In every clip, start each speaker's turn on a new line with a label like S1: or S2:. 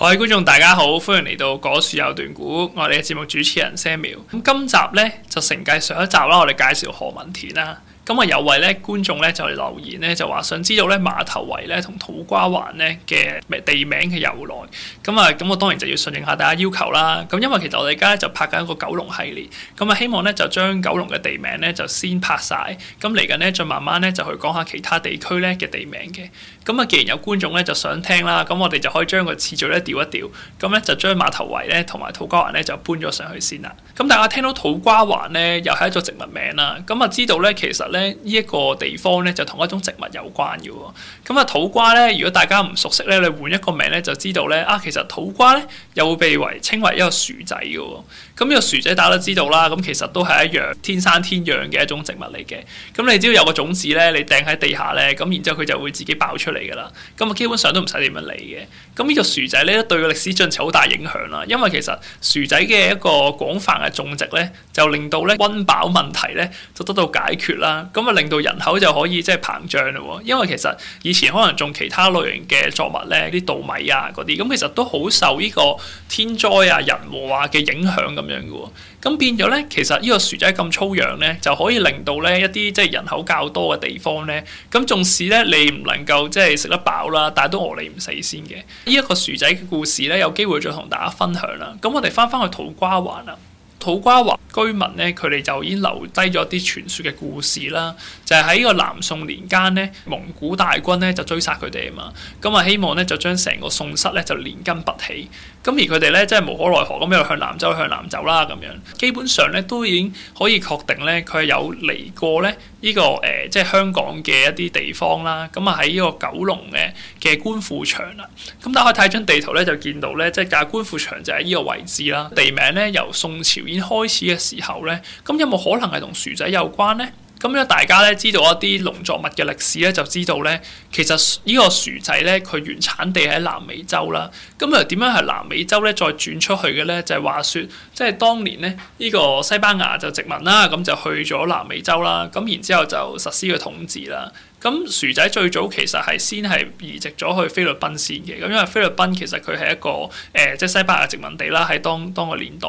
S1: 各位觀眾大家好，歡迎嚟到《箇處有段故》，我哋嘅節目主持人 Samuel。咁今集呢就承繼上一集啦，我哋介紹何文田啦。咁啊有位咧觀眾咧就留言咧就話想知道咧馬頭圍咧同土瓜灣咧嘅地名嘅由來，咁啊咁我當然就要順應下大家要求啦。咁因為其實我哋而家就拍緊一個九龍系列。咁啊希望咧就將九龍嘅地名咧就先拍晒，咁嚟緊咧再慢慢咧就去講下其他地區咧嘅地名嘅。咁啊既然有觀眾咧就想聽啦，咁我哋就可以將個次序咧調一調，咁咧就將馬頭圍咧同埋土瓜灣咧就搬咗上去先啦。咁大家聽到土瓜灣咧又係一座植物名啦。咁啊知道咧其實咧。呢一個地方咧就同一種植物有關嘅喎，咁啊土瓜咧，如果大家唔熟悉咧，你換一個名咧，就知道咧啊，其實土瓜咧又會被為稱為一個薯仔嘅喎。咁呢個薯仔大家都知道啦，咁其實都係一樣天生天養嘅一種植物嚟嘅。咁你只要有個種子咧，你掟喺地下咧，咁然之後佢就會自己爆出嚟㗎喇。咁啊，基本上都唔使點樣理嘅。咁呢個薯仔咧，對個歷史進程好大影響啦。因為其實薯仔嘅一個廣泛嘅種植咧，就令到咧溫飽問題咧就得到解決啦。咁啊，令到人口就可以即係膨脹啦。因為其實以前可能種其他類型嘅作物咧，啲稻米啊嗰啲，咁其實都好受呢個天災啊、人禍啊嘅影響咁樣嘅咁變咗咧，其實呢個薯仔咁粗養咧，就可以令到咧一啲即係人口較多嘅地方咧，咁縱使咧你唔能夠即係食得飽啦，但係都餓你唔死先嘅。呢、這、一個薯仔嘅故事咧，有機會再同大家分享啦。咁我哋翻返去土瓜灣啦。土瓜灣居民咧，佢哋就已經留低咗啲傳説嘅故事啦。就係喺呢個南宋年間咧，蒙古大軍咧就追殺佢哋啊嘛。咁、嗯、啊，希望咧就將成個宋室咧就連根拔起。咁、嗯、而佢哋咧真係無可奈何咁樣向南走，向南走啦咁樣。基本上咧都已經可以確定咧，佢係有嚟過咧呢、這個誒、呃、即係香港嘅一啲地方啦。咁啊喺呢個九龍嘅嘅官富場啦。咁、嗯、打開睇張地圖咧，就見到咧即係架官富場就喺呢個位置啦。地名咧由宋朝。開始嘅時候咧，咁有冇可能係同薯仔有關呢？咁樣大家咧知道一啲農作物嘅歷史咧，就知道咧，其實呢個薯仔咧，佢原產地喺南美洲啦。咁又點樣係南美洲咧再轉出去嘅咧？就係話說，即係當年咧，呢個西班牙就殖民啦，咁就去咗南美洲啦，咁然之後就實施個統治啦。咁薯仔最早其實係先係移植咗去菲律賓先嘅，咁因為菲律賓其實佢係一個誒、呃、即係西班牙殖民地啦，喺當當個年代。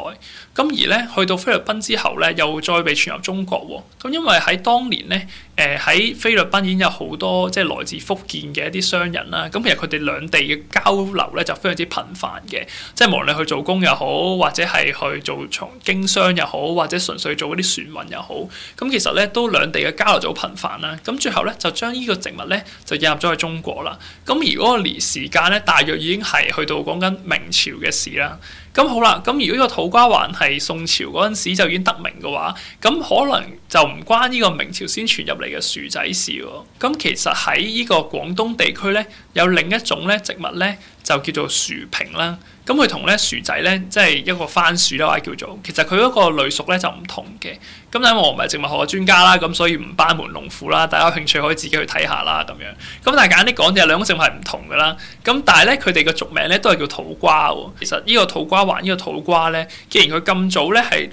S1: 咁而咧去到菲律賓之後咧，又再被傳入中國喎，咁因為喺當年咧，誒、呃、喺菲律賓已經有好多即係來自福建嘅一啲商人啦。咁其實佢哋兩地嘅交流咧就非常之頻繁嘅，即係無論去做工又好，或者係去做從經商又好，或者純粹做嗰啲船運又好。咁其實咧都兩地嘅交流就好頻繁啦。咁最後咧就將呢個植物咧就引入咗去中國啦。咁而個年時間咧，大約已經係去到講緊明朝嘅事啦。咁好啦，咁如果個土瓜灣係宋朝嗰陣時就已經得名嘅話，咁可能就唔關呢個明朝先傳入嚟嘅薯仔事喎。咁其實喺呢個廣東地區咧，有另一種咧植物咧，就叫做薯平啦。咁佢同咧薯仔咧，即係一個番薯啦，或叫做，其實佢嗰個類屬咧就唔同嘅。咁但我唔係植物學嘅專家啦，咁所以唔班門弄斧啦，大家有興趣可以自己去睇下啦，咁樣。咁但係簡單啲講，就係兩個植物係唔同嘅啦。咁但係咧，佢哋嘅俗名咧都係叫土瓜喎、哦。其實呢個土瓜。灣呢個土瓜咧，既然佢咁早咧係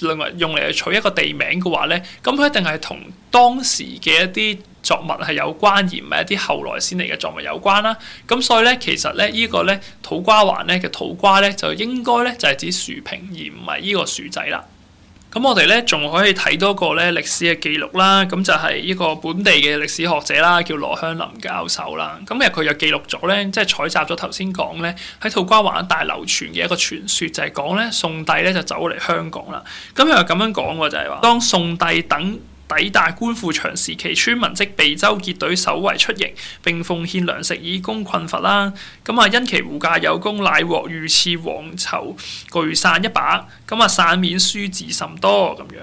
S1: 用嚟用嚟取一個地名嘅話咧，咁佢一定係同當時嘅一啲作物係有關，而唔係一啲後來先嚟嘅作物有關啦。咁所以咧，其實咧呢、這個咧土瓜灣咧嘅土瓜咧，就應該咧就係指樹皮而唔係呢個薯仔啦。咁我哋咧仲可以睇多個咧歷史嘅記錄啦，咁就係一個本地嘅歷史學者啦，叫羅香林教授啦。咁然後佢就記錄咗咧，即係採集咗頭先講咧喺土瓜灣大流傳嘅一個傳說，就係講咧宋帝咧就走嚟香港啦。咁佢又咁樣講喎，就係話當宋帝等。抵達官富場時期，村民即備舟結隊守衛出營，並奉獻糧食以供困乏啦。咁啊，因其護駕有功，乃獲御賜黃籌巨散一把。咁啊，散面書字甚多咁樣。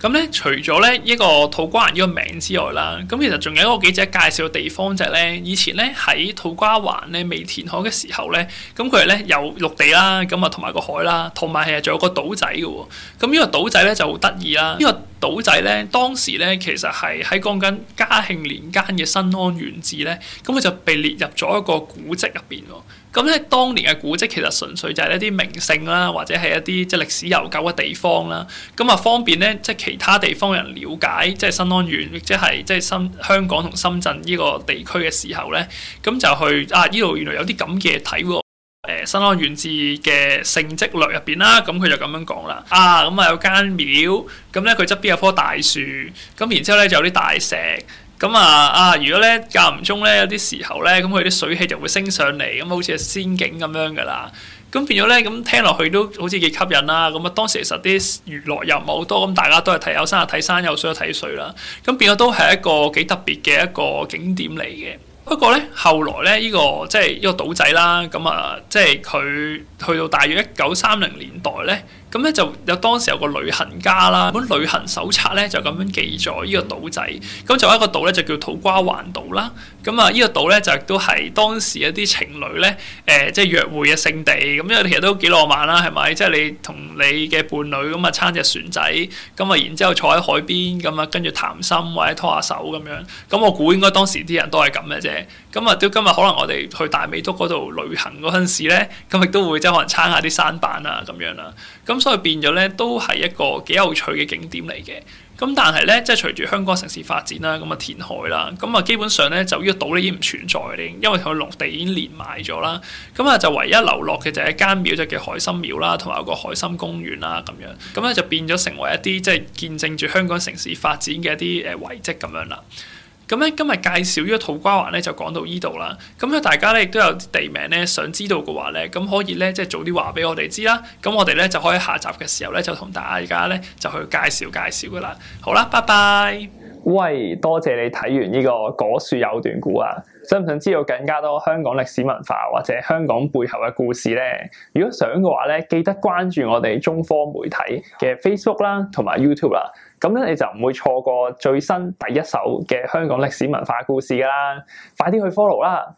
S1: 咁咧，除咗咧一個土瓜灣呢個名之外啦，咁其實仲有一個記者介紹嘅地方就係咧，以前咧喺土瓜灣咧未填海嘅時候咧，咁佢係咧有陸地啦，咁啊同埋個海啦，同埋係仲有個島仔嘅喎。咁呢個島仔咧就好得意啦，呢、這個，島仔咧，當時咧其實係喺講緊嘉慶年間嘅新安縣治咧，咁佢就被列入咗一個古跡入邊喎。咁咧，當年嘅古跡其實純粹就係一啲名勝啦，或者係一啲即係歷史悠久嘅地方啦。咁啊，方便咧即係其他地方人了解即係、就是、新安縣，亦即係即係深香港同深圳呢個地區嘅時候咧，咁就去啊呢度原來有啲咁嘅嘢睇。誒，新安縣志嘅聖蹟略入邊啦，咁佢就咁樣講啦。啊，咁啊有間廟，咁咧佢側邊有棵大樹，咁、嗯、然之後咧就有啲大石，咁、嗯、啊啊，如果咧間唔中咧有啲時候咧，咁佢啲水氣就會升上嚟，咁好似係仙境咁樣噶啦。咁、嗯、變咗咧，咁聽落去都好似幾吸引啦。咁、嗯、啊，當時其實啲娛樂又唔係好多，咁、嗯、大家都係睇有山就睇山，有水就睇水啦。咁、嗯、變咗都係一個幾特別嘅一個景點嚟嘅。不過咧，後來咧，呢個即係呢個島仔啦，咁啊，即係佢去到大約一九三零年代咧。咁咧就有當時有個旅行家啦，咁旅行手冊咧就咁樣記載呢個島仔，咁就有一個島咧就叫土瓜灣島啦。咁啊，呢個島咧就亦都係當時一啲情侶咧，誒即係約會嘅聖地。咁因為其實都幾浪漫啦，係咪？即係你同你嘅伴侶咁啊，撐隻船仔，咁啊，然之後坐喺海邊，咁啊，跟住談心或者拖下手咁樣。咁我估應該當時啲人都係咁嘅啫。咁啊，都今日可能我哋去大尾篤嗰度旅行嗰陣時咧，咁亦都會即係可能撐下啲山板啊咁樣啦。咁咁、嗯、所以變咗咧，都係一個幾有趣嘅景點嚟嘅。咁但係咧，即係隨住香港城市發展啦，咁、嗯、啊填海啦，咁、嗯、啊基本上咧就呢個島已經唔存在嘅，因為同佢陸地已經連埋咗啦。咁、嗯、啊就唯一流落嘅就係一間廟就叫海心廟啦，同埋有一個海心公園啦咁樣。咁咧就變咗成為一啲即係見證住香港城市發展嘅一啲誒遺跡咁樣啦。咁咧今日介紹呢個土瓜灣咧就講到依度啦。咁如果大家咧亦都有地名咧想知道嘅話咧，咁可以咧即係早啲話俾我哋知啦。咁我哋咧就可以下集嘅時候咧就同大家而咧就去介紹介紹㗎啦。好啦，拜拜。喂，多謝你睇完呢、這個箇處有段故啊！想唔想知道更加多香港歷史文化或者香港背後嘅故事呢？如果想嘅話咧，記得關注我哋中科媒體嘅 Facebook 啦，同埋 YouTube 啦。咁咧你就唔會錯過最新第一手嘅香港歷史文化故事噶啦！快啲去 follow 啦！